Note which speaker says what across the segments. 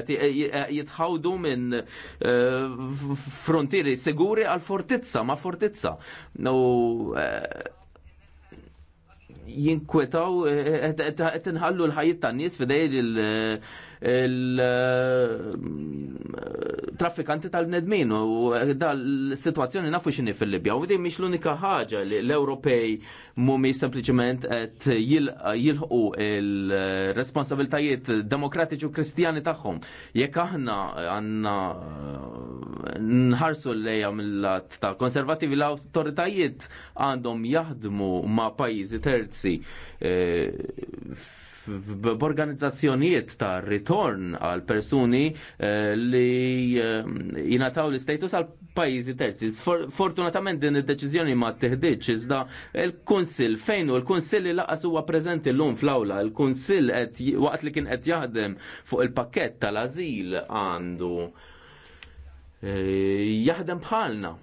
Speaker 1: jitħawdu minn eh, frontieri siguri għal fortizza ma' fortizza. U eh, jinkwetaw qed eh, inħallu l-ħajjit tan-nies fidej il-traffikanti tal-bnedmin u dal-situazzjoni nafu xini fil-Libja. U din miex l-unika ħaġa li l-Ewropej mumi sempliciment għet jilħu il-responsabiltajiet demokratiċi u kristjani tagħhom. Jekk aħna għanna nħarsu l-leja mill-lat ta' konservativi l-autoritajiet għandhom jaħdmu ma' pajizi terzi eh, b'organizzazzjonijiet ta' ritorn għal persuni eh, li eh, jinataw l-istatus għal pajjiżi terzi. Fortunatament din id-deċiżjoni ma teħdiċ iżda il-Kunsill fejn u l-Kunsill li laqas huwa preżenti llum fl-awla, il-Kunsill qed waqt li kien qed jaħdem fuq il-pakkett tal-ażil għandu eh, jaħdem bħalna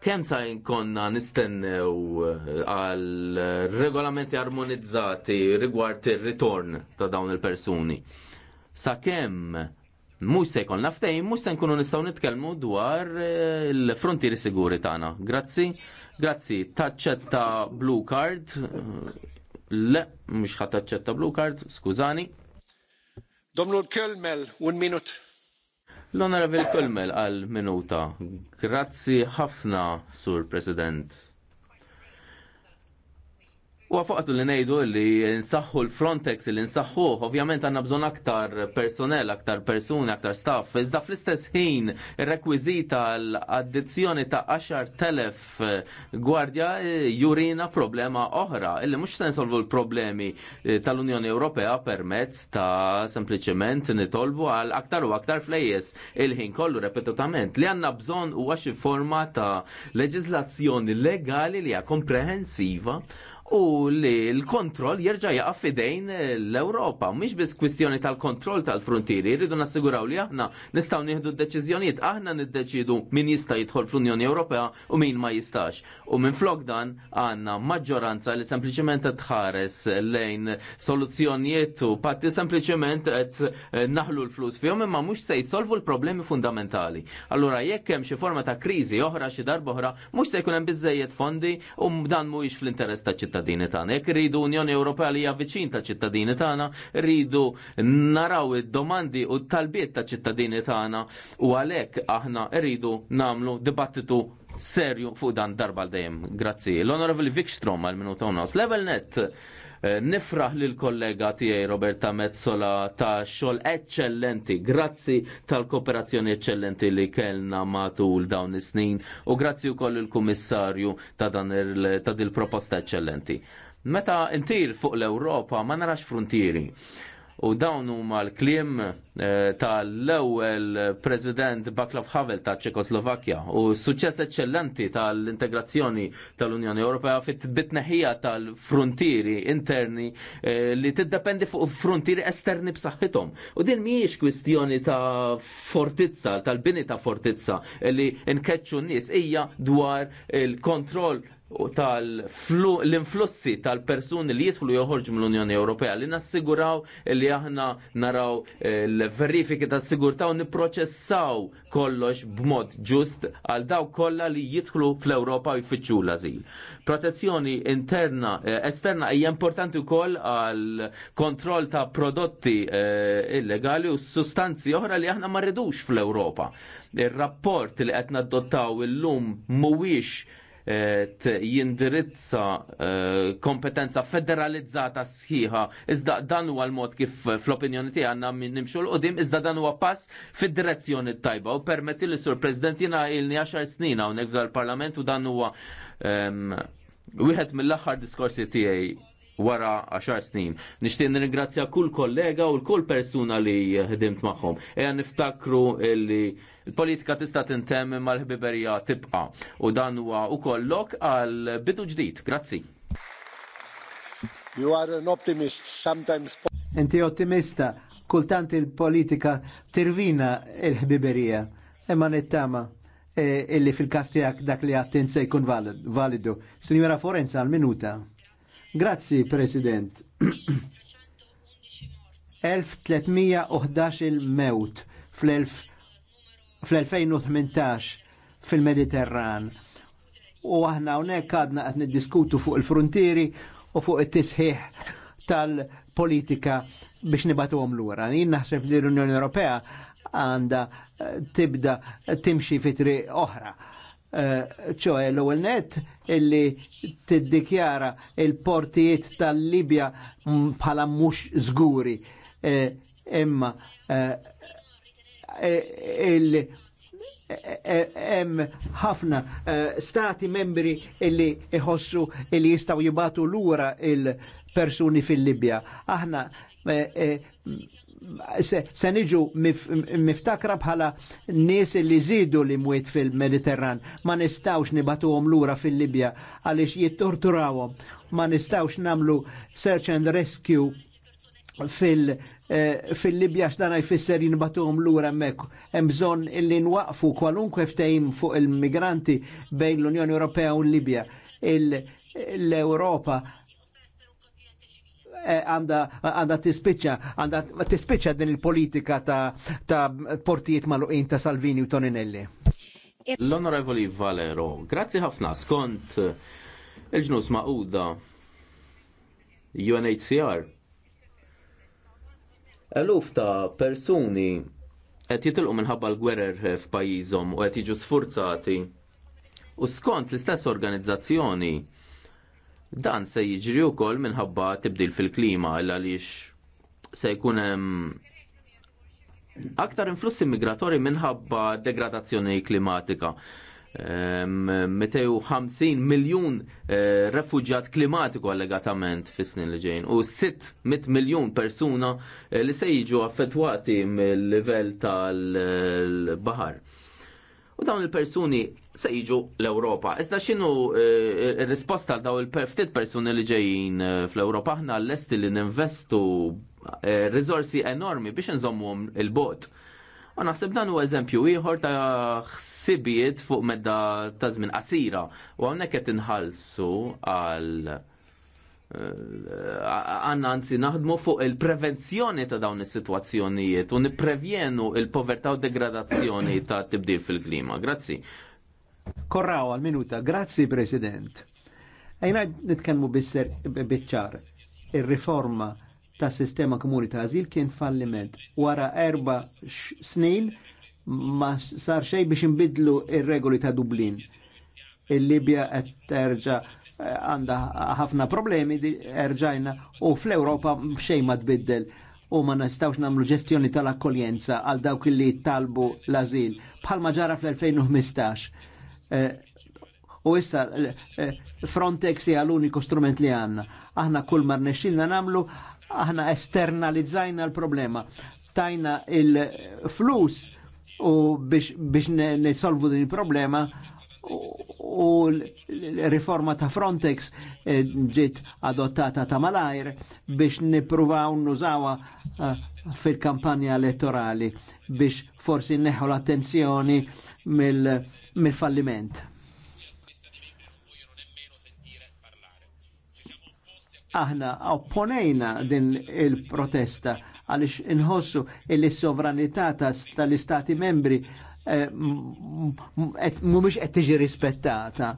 Speaker 1: Kemm sa jinkonna nistennew eh, għal regolamenti armonizzati rigward ir-ritorn ta' dawn il-persuni? Sa kem mhux se jkollna naftejn, mhux se nkunu nistgħu nitkellmu dwar eh, il-frontieri siguri tagħna. Grazzi, grazzi, taċċetta blue card. Le, mhux ħadd taċċetta blue card, skużani. Domnul Kölmel, un minut. L-Honorable Kolmel għal minuta. Grazzi ħafna, Sur President. U għafaqtu li nejdu li nsaħħu l-Frontex li nsaħħu, ovvjament għanna bżon aktar personel, aktar persuni, aktar staff. Iżda fl-istess ħin, rekwizita l-addizzjoni ta' 10.000 eh, gwardja eh, jurina problema oħra, illi mux sen solvu l-problemi eh, tal-Unjoni Ewropea permezz ta' sempliciment nitolbu għal aktar u aktar flejjes il-ħin kollu repetutament. Li għanna bżon u għaxi forma ta' leġizlazzjoni legali li għakomprehensiva u li l-kontroll jerġa' jaqa' fidejn l-Ewropa. Mhix biss kwistjoni tal-kontroll tal-frontieri, rridu nassiguraw li aħna nistgħu nieħdu d-deċiżjonijiet, aħna niddeċidu min jista' jidħol fl-Unjoni Ewropea u min ma jistax. U minn flok dan għandna maġġoranza li sempliċement tħares lejn soluzzjonijiet u patti sempliċement qed eh, naħlu l-flus fihom imma mhux se jsolvu l-problemi fundamentali. Allura jekk hemm xi forma ta' kriżi oħra xi darba oħra, mhux se jkun hemm fondi u dan mhuwiex fl-interess ta' ċittadin ċittadini tagħna. Jekk rridu Unjoni Ewropea li hija viċin ta' ċittadini tagħna, rridu naraw id-domandi u talbiet ta' ċittadini tagħna u għalhekk aħna rridu nagħmlu dibattitu serju fuq dan darba l-dajem. Grazzi. L-Honorable Vikstrom għal-minuta u nos. Level net Eh, nifraħ lil kollega tiegħi Roberta Mezzola ta' xogħol eċċellenti. Grazzi tal-kooperazzjoni eċċellenti li kellna matul dawn is-snin u grazzi wkoll il-Kummissarju ta' dan il, ta' dil proposta eċċellenti. Meta intir fuq l-Ewropa ma narax frontieri. U dawn huma l-kliem eh, tal-ewwel President Baklav Havel ta' Ċekoslovakkja u suċċess eċċellenti tal-integrazzjoni tal-Unjoni Ewropea fit bitneħija tal-frontieri interni eh, li tiddependi fuq frontieri esterni b'saħħithom. U din mhijiex kwistjoni ta' fortizza, tal-bini ta' fortizza eh, li nkeċċu n-nies hija dwar il-kontroll tal-influssi tal-persuni li jidħlu joħorġu mill-Unjoni Ewropea li nassiguraw li aħna naraw eh, l-verifiki ta' sigurta u nipproċessaw kollox b'mod ġust għal daw kollha li jidħlu fl-Ewropa u jfittxu l-azil. Protezzjoni interna, eh, esterna hija importanti wkoll għal kontroll ta' prodotti eh, illegali u sustanzi oħra li aħna ma fl-Ewropa. Ir-rapport li qed naddottaw illum mhuwiex Eh, jindirizza eh, kompetenza federalizzata sħiħa. Iżda dan huwa l-mod kif eh, fl-opinjoni tiegħi għandna nimxu l-qudiem, iżda dan huwa pass fid-direzzjoni tajba u permetti li sur President jiena ilni 10 snin hawnhekk dal-Parlament u dan huwa ehm, wieħed mill-aħħar diskorsi tiegħi wara 10 snin. Nixtieq nirringrazzja kull kollega u kull persuna li ħdimt magħhom. Eja niftakru li l-politika tista' tintemm mal-ħbiberija tibqa' u dan huwa wkoll lok għal bidu ġdid. Grazzi. You are an optimist sometimes.
Speaker 2: Inti ottimista, kultant il-politika tirvina il-ħbiberija. Imma nittama eh, illi fil-kastijak dak li għattin se jkun validu. Signora Forenza, għal-minuta. Grazzi, President. 1311 il-mewt fl-2018 fil-Mediterran. U aħna hawnhekk għadna qed niddiskutu fuq il-frontieri u fuq it-tisħiħ tal-politika biex nibatuhom lura. Jien naħseb li l-Unjoni Ewropea għandha eh, tibda timxi fitri oħra Eh, ċoħe l ewwel net illi tiddikjara il-portijiet tal-Libja bħala mux zguri eh, imma eh, illi hemm ħafna stati membri illi iħossu illi jistaw jibatu lura il-persuni fil-Libja. Aħna se niġu miftakra bħala nies li zidu li mwiet fil-Mediterran. Ma nistawx nibatuhom lura fil-Libja għaliex jittorturawhom. Ma nistawx namlu search and rescue fil- eh, fil-Libja x'dan jfisser jinbatuhom lura hemmhekk hemm bżonn illi nwaqfu kwalunkwe ftehim fuq il-migranti bejn l-Unjoni Ewropea u l-Libja. l-Europa Eh, għanda tispiċċa, għanda tispiċċa din il-politika ta' portijiet maluqin ta' Salvini u Toninelli.
Speaker 1: L-Onorevoli Valero, grazzi ħafna skont eh, il-ġnus ma'uda UNHCR. Eluf ta' persuni qed jitilqu minħabba l-gwerer f'pajjiżhom u qed jiġu sfurzati. U skont l-istess organizzazzjoni Dan se jiġri wkoll minħabba tibdil fil-klima għaliex se jkun hemm aktar influssi migratorji minħabba degradazzjoni klimatika. 250 miljon refugjat klimatiku allegatament fis snin li ġejn u 600 miljon persuna eh, li se jiġu affettwati mill-livell tal-bahar. Eh, u dawn il-persuni se jiġu l-Ewropa. Iżda x'inhu r-risposta eh, għal dawn il-ftit persuni li ġejjin eh, fl-Ewropa aħna lesti li ninvestu eh, risorsi enormi biex inżommuhom il-bot. U naħseb dan huwa eżempju ieħor ta' ħsibijiet fuq medda ta' żmien qasira u hawnhekk qed inħallsu għal Eh, għanna għanzi naħdmu fuq il-prevenzjoni ta' dawn is-sitwazzjonijiet u niprevjenu il povertaw degradazzjoni ta' tibdil fil-klima. Grazzi.
Speaker 2: Korraw għal-minuta. Grazzi, President. Ejna nitkenmu bisser bieċar Il-riforma ta' sistema komuni ta' azil kien falliment. Wara erba snin ma sar xej biex nbidlu il regoli ta' Dublin. Il-Libja qed terġa' għanda ħafna problemi di erġajna u fl-Europa xej ma tbiddel u ma nistawx namlu ġestjoni tal-akkoljenza għal dawk li talbu l-azil bħalma ġara fl-2015. Eh, u issa eh, Frontex hija l-uniku strument li għanna. Aħna kull mar nexxilna namlu, aħna esternalizzajna l-problema. Tajna il-flus u biex nisolvu din il-problema u l-riforma ta' Frontex eh, ġiet adottata ta' malajr biex nipruvaw nużawa eh, fil-kampanja elettorali biex forsi neħu l-attenzjoni mill-falliment. Aħna opponejna din il-protesta għalix inħossu il-sovranità tal-istati membri Eh, mhumiex qed tiġi rispettata.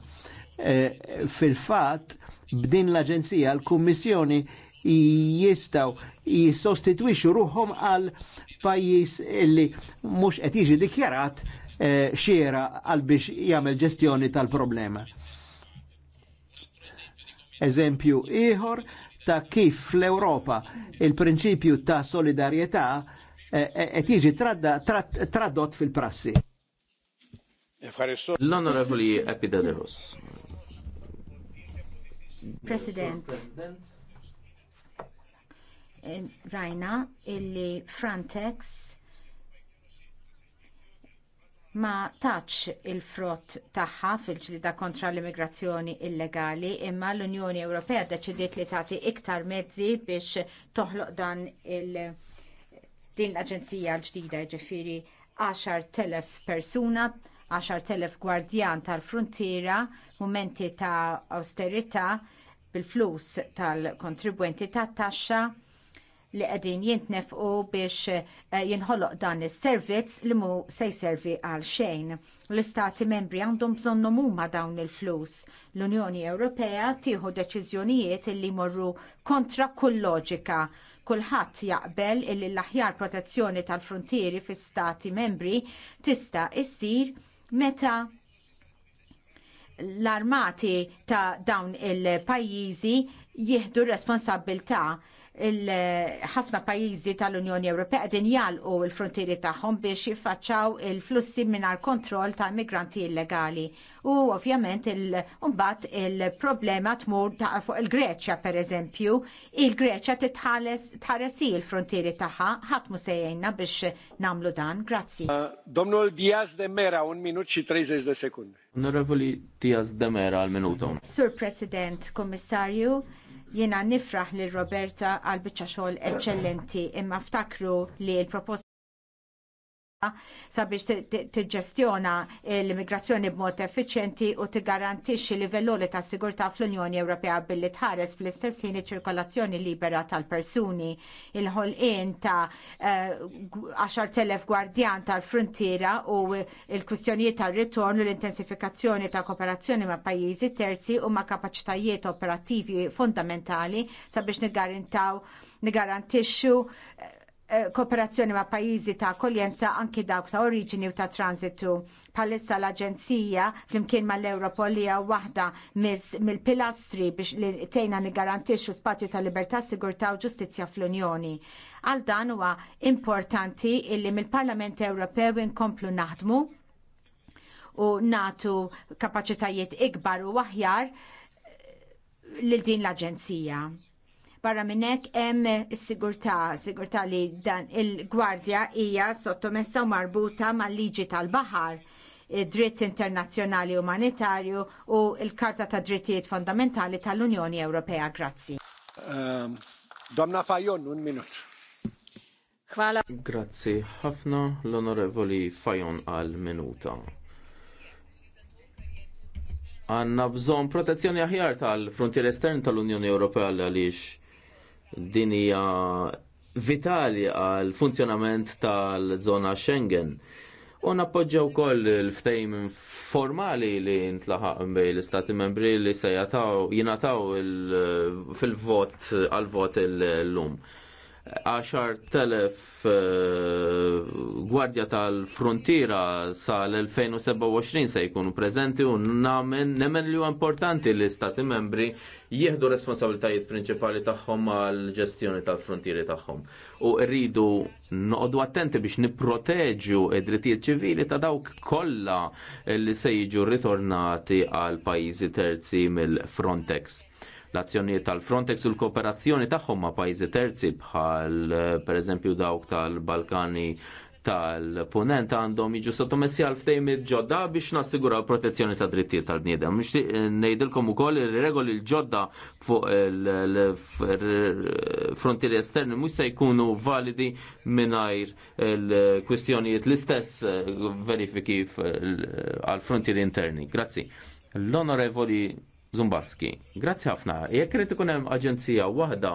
Speaker 2: Eh, fil-fatt b'din l-Aġenzija l-Kummissjoni jistaw jissostitwixu ruhom għal pajjiż li mhux qed jiġi dikjarat eh, xiera għal biex jagħmel ġestjoni tal-problema. Eżempju ieħor ta' kif fl-Europa il-prinċipju ta' solidarietà qed jiġi tradott fil-prassi.
Speaker 1: L-Onorevoli Epidadeus.
Speaker 3: President. Eh, Rajna illi Frontex ma taċ il-frott tagħha fil-ġlida kontra l-immigrazzjoni illegali imma l-Unjoni Ewropea deċidiet li tagħti iktar mezzi biex toħloq dan il- din l-Aġenzija l-ġdida ġifiri 10.000 persuna, 10.000 gwardjan tal-frontiera, mumenti ta' austerita bil-flus tal-kontribwenti tat taxxa li qegħdin jintnefqu biex eh, jinħoloq dan is-servizz li mu se jservi għal xejn. L-istati membri għandhom bżonn huma dawn il-flus. L-Unjoni Ewropea tieħu deċiżjonijiet li jmorru kontra kull loġika kulħadd jaqbel illi l-aħjar protezzjoni tal-frontieri fis-stati membri tista' issir meta l-armati ta' dawn il-pajjiżi jieħdu r responsabbiltà ħafna pajjiżi tal-Unjoni Ewropea qegħdin jalqu l-frontieri tagħhom biex jiffaċċaw il-flussi mingħajr kontroll ta' migranti illegali. U ovvjament il-mbagħad il-problema tmur ta' fuq il-Greċja pereżempju, il-Greċja titħares tħaresi l-frontieri tagħha, ħadd mhu biex nagħmlu dan. Grazzi.
Speaker 2: Uh, domnul Diaz de Mera, un minut xi 30 sekundi.
Speaker 1: Onorevoli Diaz de Mera għal minuta.
Speaker 3: Sur President, Kommissarju, Jiena nifraħ lil Roberta għal biċċa xogħol eċċellenti imma ftakru li l-proposta sabiex tiġġestjona l-immigrazzjoni b'mod effiċjenti u tigarantixxi livelloli ta' sigurtà fl-Unjoni Ewropea billi tħares fl-istess ħin ċirkolazzjoni libera tal-persuni. Il-ħolqien ta' 10,000 eh, gwardjan tal-frontiera u il-kwistjonijiet tal-ritorn u l-intensifikazzjoni ta' kooperazzjoni ma' pajjiżi terzi u ma' kapaċitajiet operattivi fundamentali sabiex nigarantixxu eh, Eh, kooperazzjoni ma' pajjiżi ta' akkoljenza anki dawk ta' oriġini u ta' transitu. Palissa l-Aġenzija flimkien mal l-Europol li waħda mill-pilastri biex li tejna niggarantixxu spazju ta' libertà, sigurtà u ġustizzja fl-Unjoni. Għal dan huwa importanti illi mill-Parlament Ewropew inkomplu naħdmu u natu kapaċitajiet ikbar u aħjar lil din l-Aġenzija Barra minnek hemm is-sigurtà, sigurtà li dan il-gwardja hija sottomessa u marbuta mal-liġi tal-baħar dritt internazzjonali umanitarju u l-Karta ta' Drittijiet Fondamentali tal-Unjoni Ewropea. Grazzi.
Speaker 2: Um, Domna Fajon, un minut.
Speaker 3: Kvala.
Speaker 1: Grazzi ħafna l-Onorevoli Fajon għal minuta għanna bżon protezzjoni aħjar tal-frontier estern tal-Unjoni Ewropea għaliex Din hija vitali għal funzjonament tal-żona Schengen. U nappoġġja wkoll il ftejm formali li ntlaħaq bej l-istati membri li se jingħataw fil-vot għal-vot l-lum. 10.000 eh, gwardja tal-frontiera l 2027 se jkunu prezenti u namen nemmen li importanti li stati membri jieħdu responsabiltajiet prinċipali tagħhom għal ġestjoni tal-frontieri tagħhom. U rridu noqogħdu attenti biex nipproteġu id-drittijiet ċivili ta' dawk kollha li se jiġu ritornati għal pajjiżi terzi mill-Frontex L-azzjonijiet tal-Frontex u l-kooperazzjoni tagħhom ma' pajjiżi terzi bħal pereżempju dawk tal-Balkani tal-ponent għandhom jiġu sottomessi għal ftejmit ġodda biex nassiguraw protezzjoni ta' drittijiet tal-bniedem. Nejdilkom u koll il-regoli l-ġodda fuq il-frontieri esterni mux se jkunu validi minnajr il-kwistjonijiet l-istess verifiki għal frontieri interni. Grazzi. L-onorevoli Zumbarski, grazzi ħafna. Jekk irid ikun hemm aġenzija waħda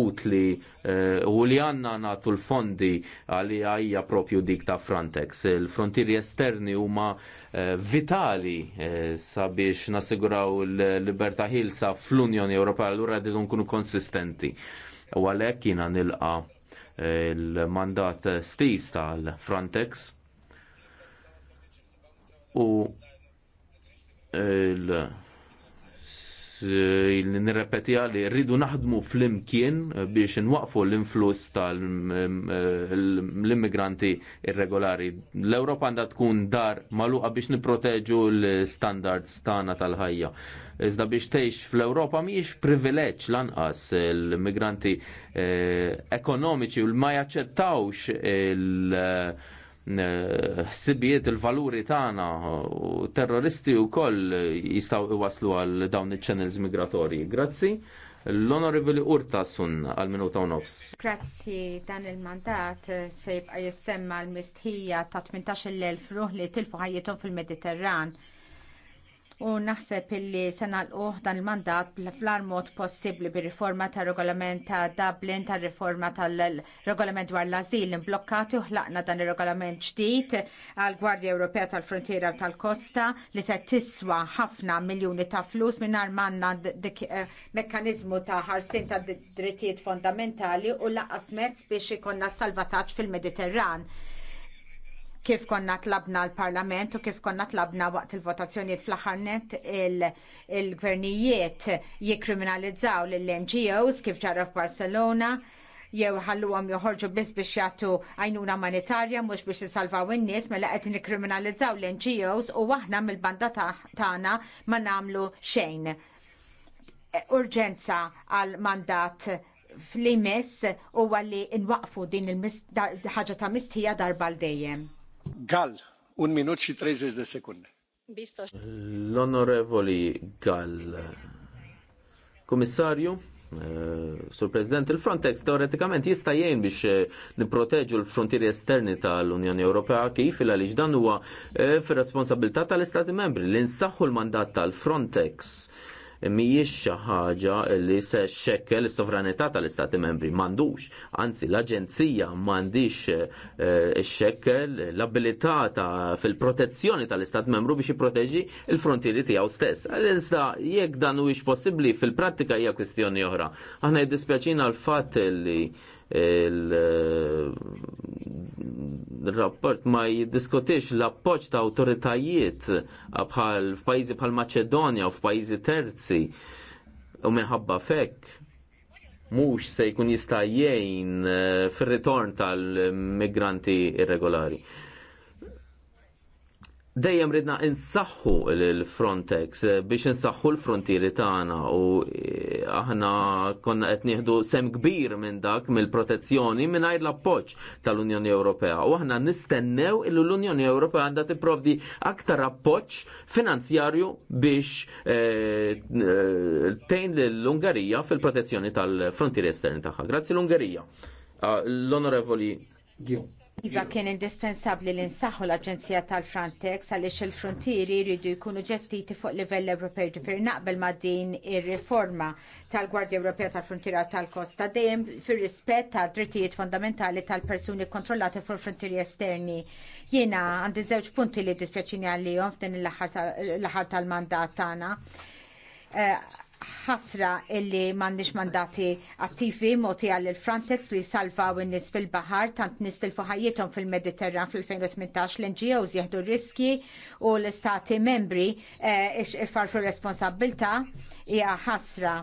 Speaker 1: utli eh, u li għandna nagħtu l-fondi għalli għajja propju dik ta' Frontex. Il-frontieri esterni huma eh, vitali eh, sabiex nasiguraw l-libertà ħilsa fl-Unjoni Ewropea allura rridu nkunu konsistenti. U għalhekk jiena nilqa il-mandat stis tal-Frontex u il- nirrepeti għalli rridu naħdmu fl-imkien biex nwaqfu l-influss tal-immigranti irregolari. L-Europa għandha tkun dar maluqa biex niproteġu l-standards tagħna tal-ħajja. Iżda biex tgħix fl-Ewropa mhijiex privileġġ lanqas l-immigranti eh, ekonomiċi u ma jaċċettawx il- ħsibijiet il-valuri tagħna u terroristi wkoll jistgħu iwaslu għal dawn iċ-channels migratorji. Grazzi. L-Onorevoli Urta sun għal minuta u nofs.
Speaker 3: Grazzi dan il-mandat se jibqa' jissemma l-mistħija ta' 18 l-elf ruħli tilfu ħajjithom fil-Mediterran u naħseb illi se nagħlqu dan il-mandat fl-ar mod possibbli bir-riforma tar regolament ta' Dublin, tar riforma tal-regolament dwar l-azil imblokkati u ħlaqna dan ir regolament ġdid għall Gwardja Ewropea tal-Frontiera tal-Kosta li se tiswa ħafna miljuni ta' flus mingħajr manna dik eh, mekkaniżmu ta' ħarsin ta' drittijiet fondamentali u laqqas mezz biex ikonna salvataġġ fil-Mediterran kif konna tlabna l-Parlament u kif konna tlabna waqt il-votazzjonijiet fl-aħħar net il-gvernijiet jikkriminalizzaw lill-NGOs kif ġara f'Barcelona jew ħalluhom joħorġu biss biex jagħtu għajnuna umanitarja mhux biex jisalvaw in-nies mela qed nikkriminalizzaw l-NGOs u aħna mill-banda tagħna ma nagħmlu xejn. E, urġenza għal mandat fl-imess u għalli nwaqfu din il-ħagġa ta' mistija darba l-dejjem.
Speaker 2: Gall,
Speaker 1: L-Onorevoli Gall, Komissarju, eh, Sur President, il-Frontex teoretikament jista' jgħin biex eh, nipproteġu l-frontieri esterni tal-Unjoni Ewropea kif il għaliex dan huwa eh, fir-responsabilità tal-Istati Membri li nsaħħu l-mandat tal-Frontex mhijiex xi ħaġa li se xekkel is-sovranità tal-Istati membri m'għandux. Anzi, l-Aġenzija m'għandix eh, xekkel l-abilità fil-protezzjoni tal-Istat membru biex jipproteġi l frontieri tiegħu stess. għal insa jekk dan huwiex possibbli fil-prattika hija kwistjoni oħra. Aħna jiddispjaċina l-fatt li il-rapport ma jiddiskutix l-appoċ ta' autoritajiet bħal f'pajjiżi bħal Maċedonja u f'pajjiżi terzi u minħabba fekk mhux se jkun jista' jgħin eh, fir-ritorn tal-migranti irregolari dejjem ridna insaħħu l-Frontex eh, biex insaħħu l-frontieri tagħna u eh, aħna konna qed nieħdu sem kbir minn dak mill-protezzjoni mingħajr l-appoġġ tal-Unjoni Ewropea. U aħna nistennew il l-Unjoni Ewropea għandha tipprovdi aktar appoġġ finanzjarju biex eh, tgħin l-Ungarija fil-protezzjoni tal-frontieri esterni tagħha. Grazzi l-Ungarija. Ah, L-Onorevoli Gjum.
Speaker 3: Iva kien indispensabbli li nsaħħu l-Aġenzija tal-Frontex għaliex il-frontieri jridu jkunu ġestiti fuq livell Ewropej ġifier naqbel ma' din ir-riforma tal-Gwardja Ewropea tal-Frontiera tal-Kosta dejjem fir-rispett tad drittijiet fondamentali tal-persuni kontrollati fuq frontieri esterni. Jiena għandi żewġ punti li dispjaċini għalihom f'din l-aħħar tal-mandat tagħna eh, ħasra illi m'għandniex mandati attivi moti għall frontex li salvaw in-nies fil-baħar tant nies tilfu ħajjithom fil-Mediterran fil-2018 l-NGOs jieħdu riski u l-istati membri eh, ix farfu responsabilta hija ħasra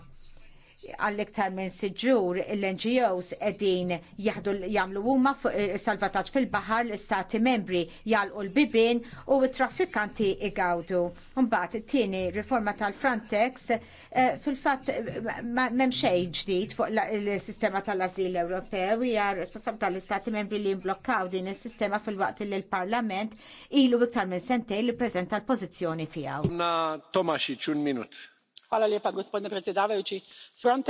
Speaker 3: għall-iktar minn siġur l-NGOs edin jahdu jamlu huma fuq eh, salvataġġ fil-baħar l-istati membri jalqu l-bibin u t-traffikanti igawdu. Mbagħad it-tieni riforma tal-Frontex eh, fil-fatt eh, m'hemm xejn ġdid fuq il-sistema tal-Ażil Ewropew hija responsabbli tal-istati membri li mblokkaw din is-sistema fil-waqt li l-Parlament ilu iktar minn sentejn li preżenta l-pożizzjoni tiegħu. Tomaxi, Tomasic minut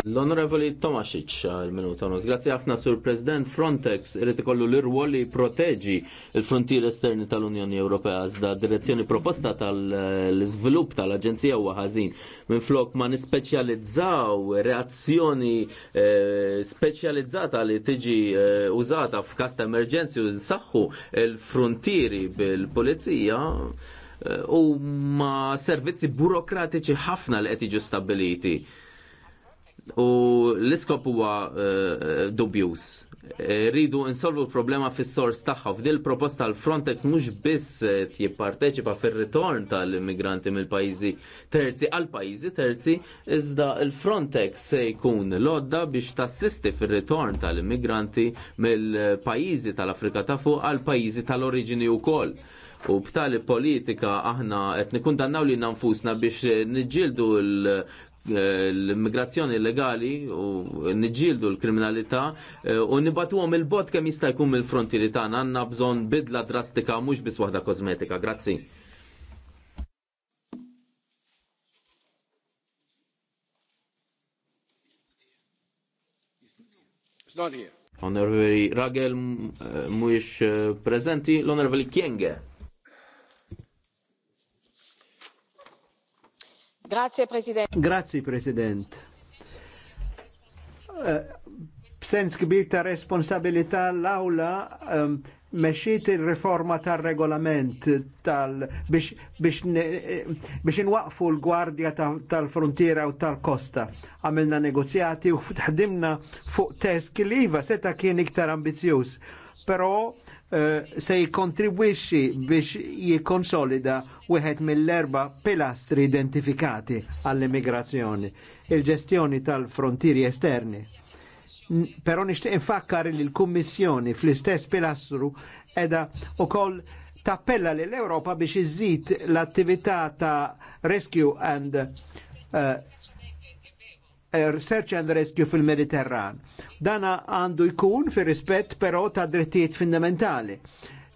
Speaker 1: l-onorevoli Tomasic għal-minuta nos Grazie għafna sur president frontex irid ikollu l-irwol li proteġi il frontier esterni tal-unjoni ewropea għazda direzzjoni proposta tal svilup tal-aġenzija u għazin minn flok ma nispeċjalizzaw reazzjoni eh, speċjalizzata li tiġi eh, użata f'kasta ta' s u il l-frontieri bil polizija ma servizzi burokratiċi ħafna li qed stabiliti. stabbiliti. U l-iskop huwa eh, dubjus. Eh, rridu insolvu l-problema fis-sors tagħha f'dil proposta l Frontex mhux biss jipparteċipa fir-ritorn tal-immigranti mill-pajjiżi terzi għal pajjiżi terzi, iżda l-Frontex se jkun lodda biex tassisti fir-ritorn tal-immigranti mill-pajjiżi tal-Afrika ta' fuq għal pajjiżi tal-oriġini wkoll U b'tali politika aħna qed nikundannaw li nfusna biex niġġieldu l-immigrazzjoni illegali u niġġieldu l-kriminalità eh, u nibatuhom il-bot kemm jista' jkun mill-frontieri tagħna għandna bżonn bidla drastika mhux biss waħda kosmetika. Grazzi. Honorary Ragel eh, mhuwiex eh, prezenti, l-Onorevoli Kienge.
Speaker 3: Grazie President.
Speaker 1: Grazie President.
Speaker 2: Eh, b'sens kbir ta' responsabilità l-awla um, ehm, il-reforma tal-regolament tal biex, biex eh, nwaqfu l-gwardja tal-frontiera u tal-kosta. Għamilna negozjati u ħdimna fuq test kiliva seta kien iktar ambizjuż. Però Eh, se jikontribwixxi biex jikonsolida wieħed mill-erba pilastri identifikati għall-immigrazzjoni, il-ġestjoni tal-frontieri esterni. Però nixtieq infakkar li l-Kummissjoni fl-istess pilastru edha ukoll tappella l-Europa biex iżid l-attività ta' rescue and uh, Eh, search and rescue fil-Mediterran. Dana għandu jkun fir rispett però ta' drittijiet fundamentali.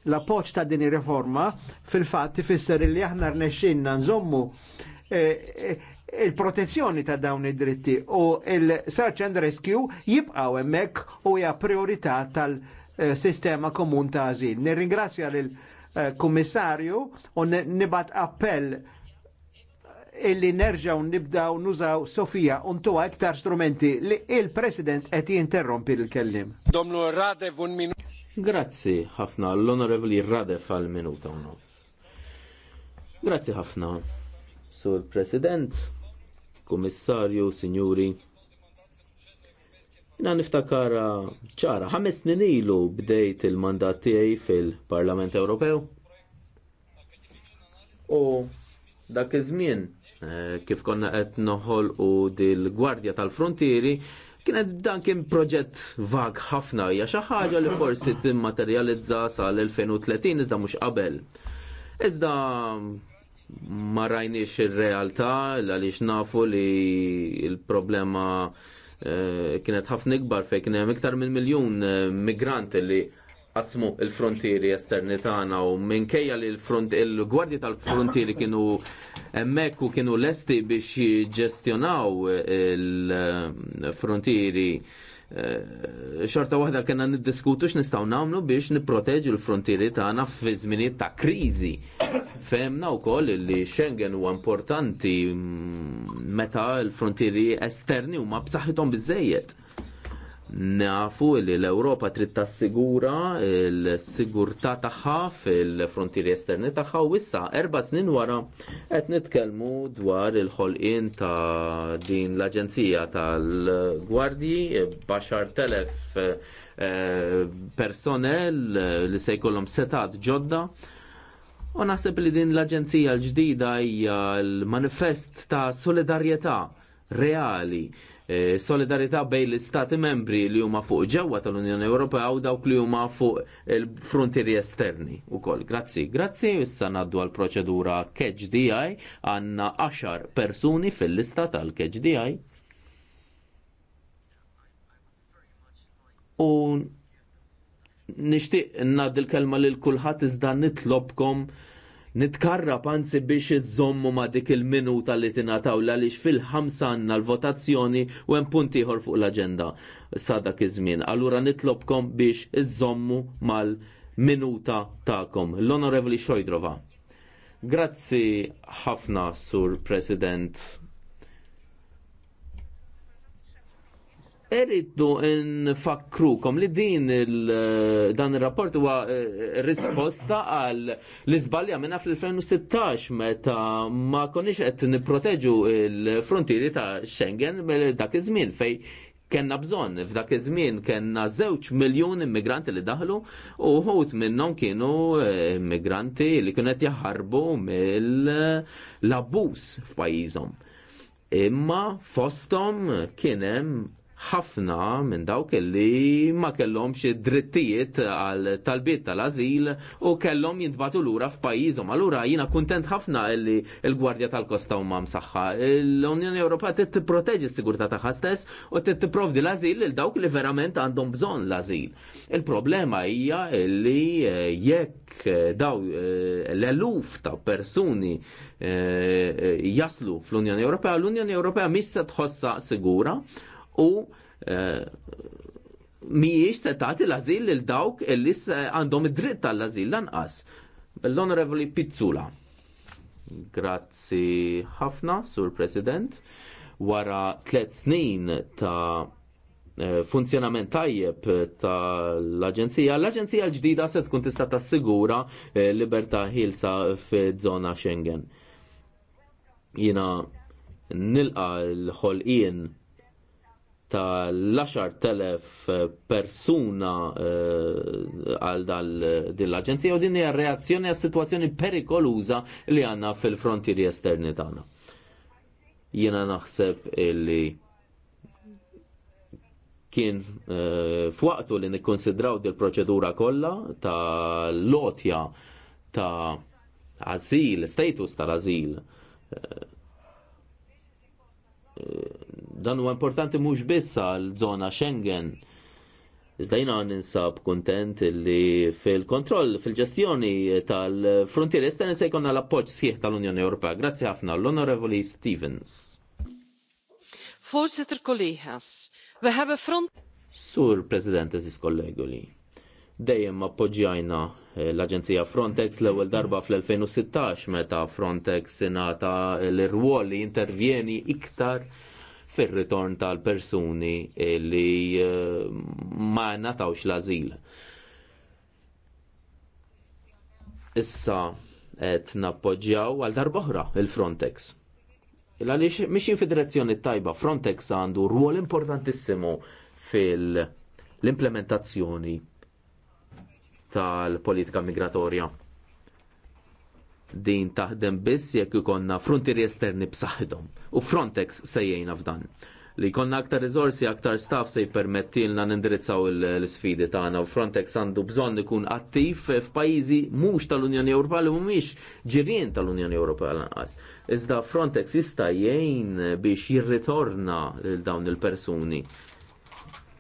Speaker 2: L-appoċ ta' din reforma fil-fatt tifisser li aħna rnexxinna nżommu eh, eh, il-protezzjoni ta' dawn id-dritti u il-search and rescue jibqaw emmek u hija priorità tal-sistema komun ta' azil. Nirringrazzja lill kummissarju u nibat appell illi nerġaw nibdaw nużaw Sofija untuwa iktar strumenti li il-President
Speaker 1: qed jinterrompi l-kellim. Domnu Radev un minu. Grazzi ħafna l-Onorevoli Radev għal minuta u nofs. Grazzi ħafna, Sur President, Kommissarju, Signuri. Na niftakara ċara, ħames snin ilu bdejt il-mandat tiegħi fil-Parlament Ewropew. U dak iż-żmien Eh, kif konna qed noħol u dil-Gwardja tal-Frontieri, kienet dan kien proġett vag ħafna hija xi ħaġa li forsi timmaterjalizza sal-2030 iżda mhux qabel. Iżda ma rajniex ir-realtà għaliex nafu li l-problema eh, kienet ħafna ikbar fejn kien hemm iktar minn miljun eh, migrant li qasmu il-frontieri esterni tagħna u minkejja li l-gwardji tal-frontieri kienu hemmhekk u kienu lesti biex jiġġestjonaw il-frontieri eh, xorta waħda kena niddiskutux nistaw namlu biex nipproteġu l-frontieri tagħna fi żminijiet ta' kriżi. Femna wkoll li Schengen huwa importanti mm, meta l-frontieri esterni huma b'saħħithom biżejjed nafu li l-Ewropa trid tassigura l-sigurtà tagħha fil-frontieri esterni tagħha u issa erba' snin wara qed nitkellmu dwar il-ħolqien ta' din l-Aġenzija tal-Gwardji baxar telef eh, personel li se jkollhom setat ġodda. U naħseb li din l-Aġenzija l-ġdida hija l-manifest ta' solidarjetà reali, e, solidarità bejn l-istati membri li huma fuq ġewwa tal-Unjoni Ewropea u dawk li huma fuq il-frontieri esterni wkoll. Grazzi, grazzi, issa ngħaddu għall proċedura KHDI għandna 10 persuni fil-lista tal-KHDI. U nixtieq nad l kelma lil kulħadd iżda nitlobkom nitkarra panzi biex iżommu ma dik il-minuta li tinataw għaliex fil-ħamsa l-votazzjoni u hemm punt ieħor fuq l-aġenda sa dak iż-żmien. Allura nitlobkom biex iżommu mal-minuta tagħkom. L-Onorevoli Xojdrova. Grazzi ħafna, Sur President. Eriddu nfakkrukom li din il, dan il-rapport huwa eh, risposta għal l-izbalja minna fl-2016 meta ma konniex qed nipproteġu il-frontieri ta' Schengen dak iż-żmien fej kenna bżonn f'dak iż-żmien kenna żewġ miljun immigranti li daħlu u ħut minnhom kienu eh, immigranti li kienu qed jaħarbu mill-abbuż f'pajjiżhom. Imma fosthom kien hemm ħafna minn dawk li ma kellhomx drittijiet għal talbiet tal-azil u kellhom jintbatu lura f'pajjiżhom. Allura jiena kuntent ħafna li l-Gwardja tal-Kosta huma msaħħa. L-Unjoni Ewropea trid tipproteġi s-sigurtà tagħha stess u trid tipprovdi l-azil lil dawk li verament għandhom bżonn l-azil. Il-problema hija li eh, jekk eh, daw eh, l-eluf ta' persuni jaslu fl-Unjoni Ewropea, l-Unjoni Ewropea missa tħossa sigura u eh, mhijiex se tagħti l azil lil dawk illi għandhom id-dritt tal-ażil lanqas. L-Onorevoli Pizzula. Grazzi ħafna, Sur President. Wara tliet snin ta' eh, funzjonament tajjeb tal-Aġenzija. L-Aġenzija l-ġdida se tkun tista' tassigura eh, libertà ħilsa f'żona Schengen. Jina nilqa l-ħolqien ta' l-10.000 eh, persuna eh, għal dal din l-Aġenzija u din hija reazzjoni għas situazzjoni perikoluża li għandna fil-frontieri esterni tagħna. Jiena naħseb li kien eh, f'waqtu li nikkonsidraw dil proċedura kollha ta' lotja ta' azil, status tal-azil dan huwa importanti mhux biss għal żona Schengen. Iżda jina ninsab kuntent li fil-kontroll, fil-ġestjoni tal frontier estern se jkun l-appoġġ sħiħ tal-Unjoni Ewropea. Grazzi ħafna l-Onorevoli Stevens.
Speaker 2: Voorzitter, collega's, we a front...
Speaker 1: Sur, president, eżis kollegoli dejjem appoġġjajna eh, l-Aġenzija Frontex l-ewwel darba fl-2016 meta Frontex ingħata l-irwol li intervjeni iktar fir-ritorn tal-persuni li eh, ma ngħatawx l-azil. Issa qed nappoġġjaw għal oħra il-Frontex. Il-għaliex mixin fid-direzzjoni tajba, Frontex għandu rwol importantissimu fil-implementazzjoni tal-politika migratorja. Din taħdem biss jekk ikonna frontieri esterni b'saħħithom u Frontex se jgħinna f'dan. Li konna aktar riżorsi, aktar staff se jippermettilna nindirizzaw l-sfidi tagħna u Frontex għandu bżonn ikun attiv f'pajjiżi mhux tal-Unjoni Ewropea li mhumiex ġirien tal-Unjoni Ewropea lanqas. Iżda Frontex jista' jgħin biex jirritorna lil dawn il-persuni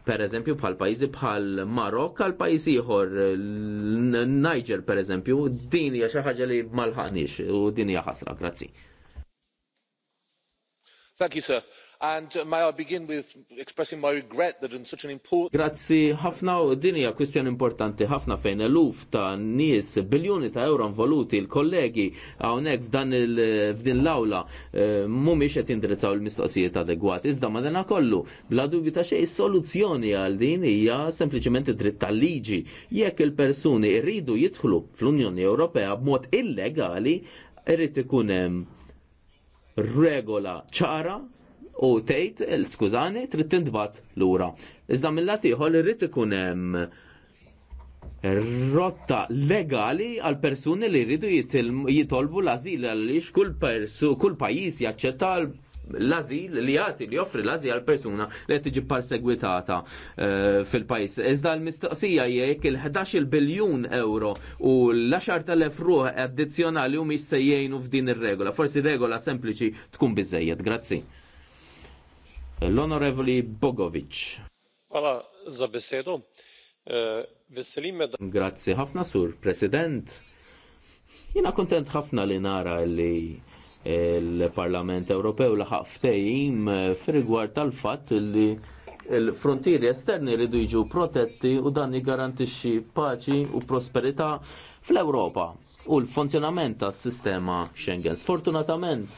Speaker 1: Per eżempju bħal pajzi bħal Marok għal pajjiż ieħor Niger per eżempju din hija xi ħaġa li malħaqniex u din hija ħasra, grazzi. Sir. And uh, may I begin with expressing my regret that such an important... Grazzi, ħafna u dinja kwistjoni importanti, ħafna fejn eluf ta' nies, biljoni ta' euro involuti, l-kollegi hawnhekk f'dan f'din l-awla eh, mhumiex qed indrizzaw il-mistoqsijiet adegwat. Iżda madana kollu, bla dubju ta' xejn soluzzjoni għal din hija sempliċement dritt tal-liġi. Jekk il-persuni rridu jidħlu fl-Unjoni Ewropea b'mod illegali, irrid ikun hemm regola ċara u tgħid eh, skużani trid tintbat lura. Iżda mill-lat ieħor irrid ikun hemm rotta legali għal persuni li jridu jitolbu l-azil għaliex kull persu kull pajjiż jaċċetta l-azil li jagħti li joffri l-azil għal persuna li tiġi parsegwitata eh, fil-pajjiż. Iżda l-mistoqsija jekk il-11 biljun euro u l-10,000 ruħ addizzjonali mhumiex se jgħinu f'din ir-regola. Forsi regola sempliċi tkun biżejjed. Grazzi. L-Onorevoli Bogovic. Hvala za eh, Grazzi ħafna sur, President. Jina kontent ħafna li nara li il-Parlament Ewropew laħaq ftehim eh, fir tal-fatt li il-frontieri esterni ridu jiġu protetti u dan jiggarantixxi paċi u prosperità fl-Ewropa u l-funzjonament tas-sistema Schengen. Sfortunatament,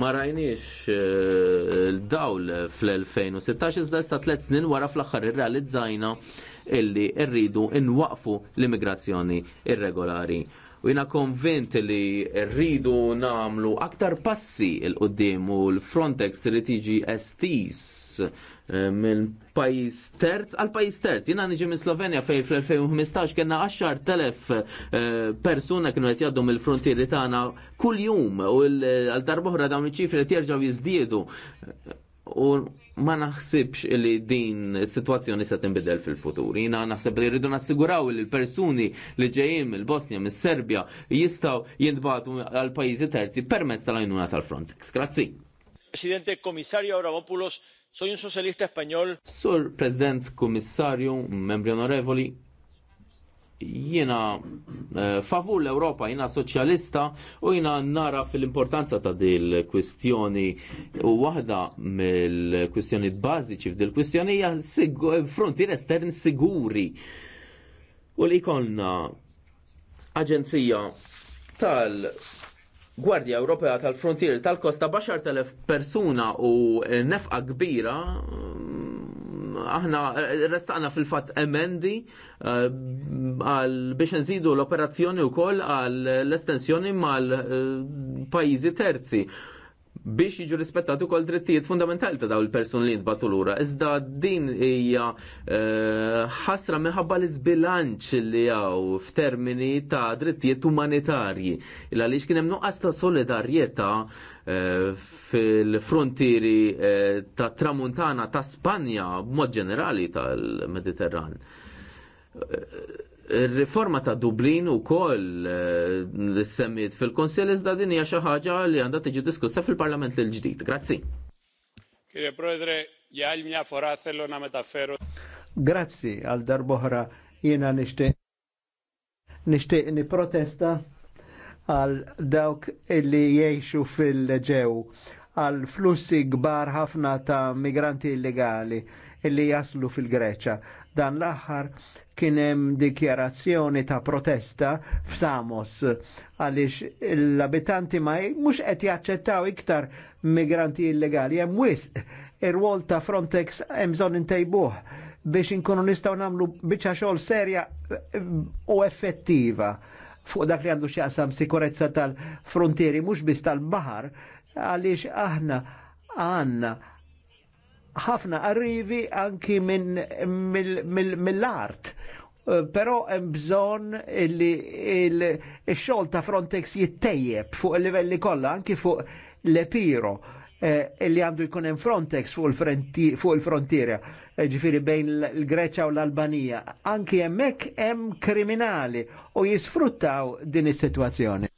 Speaker 1: ma rajniex eh, l-dawl fl-2016 iżda sta tliet snin wara fl-aħħar irrealizzajna illi rridu nwaqfu l-immigrazzjoni irregolari u jina konvint li rridu namlu aktar passi il-qoddim u l-Frontex li tiġi estis eh, minn pajis terz għal pajis terz. Jina nġi minn Slovenja fej fl-2015 kena 10.000 eh, persuna kienu għet jaddu mill-frontieri tagħna kull jum u għal darbohra dawn iċ-ċifri għet jerġaw jizdiedu u ma naħsibx li din situazzjoni se tinbidel fil-futur. Jina naħseb li rridu nassiguraw li l-persuni li ġejjin mill-Bosnia, mis-Serbja jistaw jintbatu għal pajjiżi terzi permezz tal-għajnuna tal-Frontex. Grazzi. Presidente Komissario Avramopoulos, soy un socialista español. Sur President Komissarju, membri onorevoli, jiena eh, favur l-Europa, jina soċjalista u jiena nara fil-importanza ta' dil kwistjoni u waħda mill-kwistjoni bażiċi f'dil kwistjoni hija frontier estern siguri. U li jkollna aġenzija tal- Gwardja Ewropea tal-Frontier tal-Kosta baxar telef persuna u nefqa kbira aħna restaqna fil-fat emendi eh, għal biex nżidu l-operazzjoni u koll għal l-estensjoni mal-pajizi eh, terzi biex jiġu rispettati kol drittijiet fundamentali ta' dawn il-person li jintbatu lura. Iżda din hija eh, ħasra minħabba l-izbilanċ li għaw f'termini ta' drittijiet umanitarji. Illa li xkien hemm nuqqas ta' solidarjetà eh, fil-frontieri eh, ta' tramuntana ta' Spanja b'mod ġenerali tal-Mediterran Il-riforma ta' Dublin u koll eh, l-semmit fil-Konsil iżda din hija xi ħaġa li għandha tiġi diskussa fil-Parlament l-ġdid. Grazzi. Kire Prodre, jgħal mia fora thello na metaferu.
Speaker 2: Grazzi għal darboħra jiena nixtieq nixtieq niprotesta għal dawk illi jgħixu fil-ġew għal flussi gbar ħafna ta' migranti illegali illi jaslu fil-Greċa. Dan l-aħħar kien hemm dikjarazzjoni ta' protesta f'Samos għaliex l-abitanti ma mhux qed jaċċettaw iktar migranti illegali hemm wisq ir-rwol ta' Frontex hemm bżonn intejbuh biex inkunu nistgħu nagħmlu biċċa xogħol serja u effettiva fuq dak li għandu x'jaqsam sikurezza tal-frontieri mhux biss tal-baħar għaliex aħna għandna ħafna arrivi anki minn mill-art. Uh, però hemm bżonn li x-xogħol ta' Frontex jittejjeb fuq il-livelli kollha, anki fuq l-epiro eh, li għandu jkun hemm Frontex fuq il-frontiera, eh, ġifieri bejn l-Greċja u l-Albanija. Anki hemmhekk hemm kriminali u jisfruttaw din is-sitwazzjoni.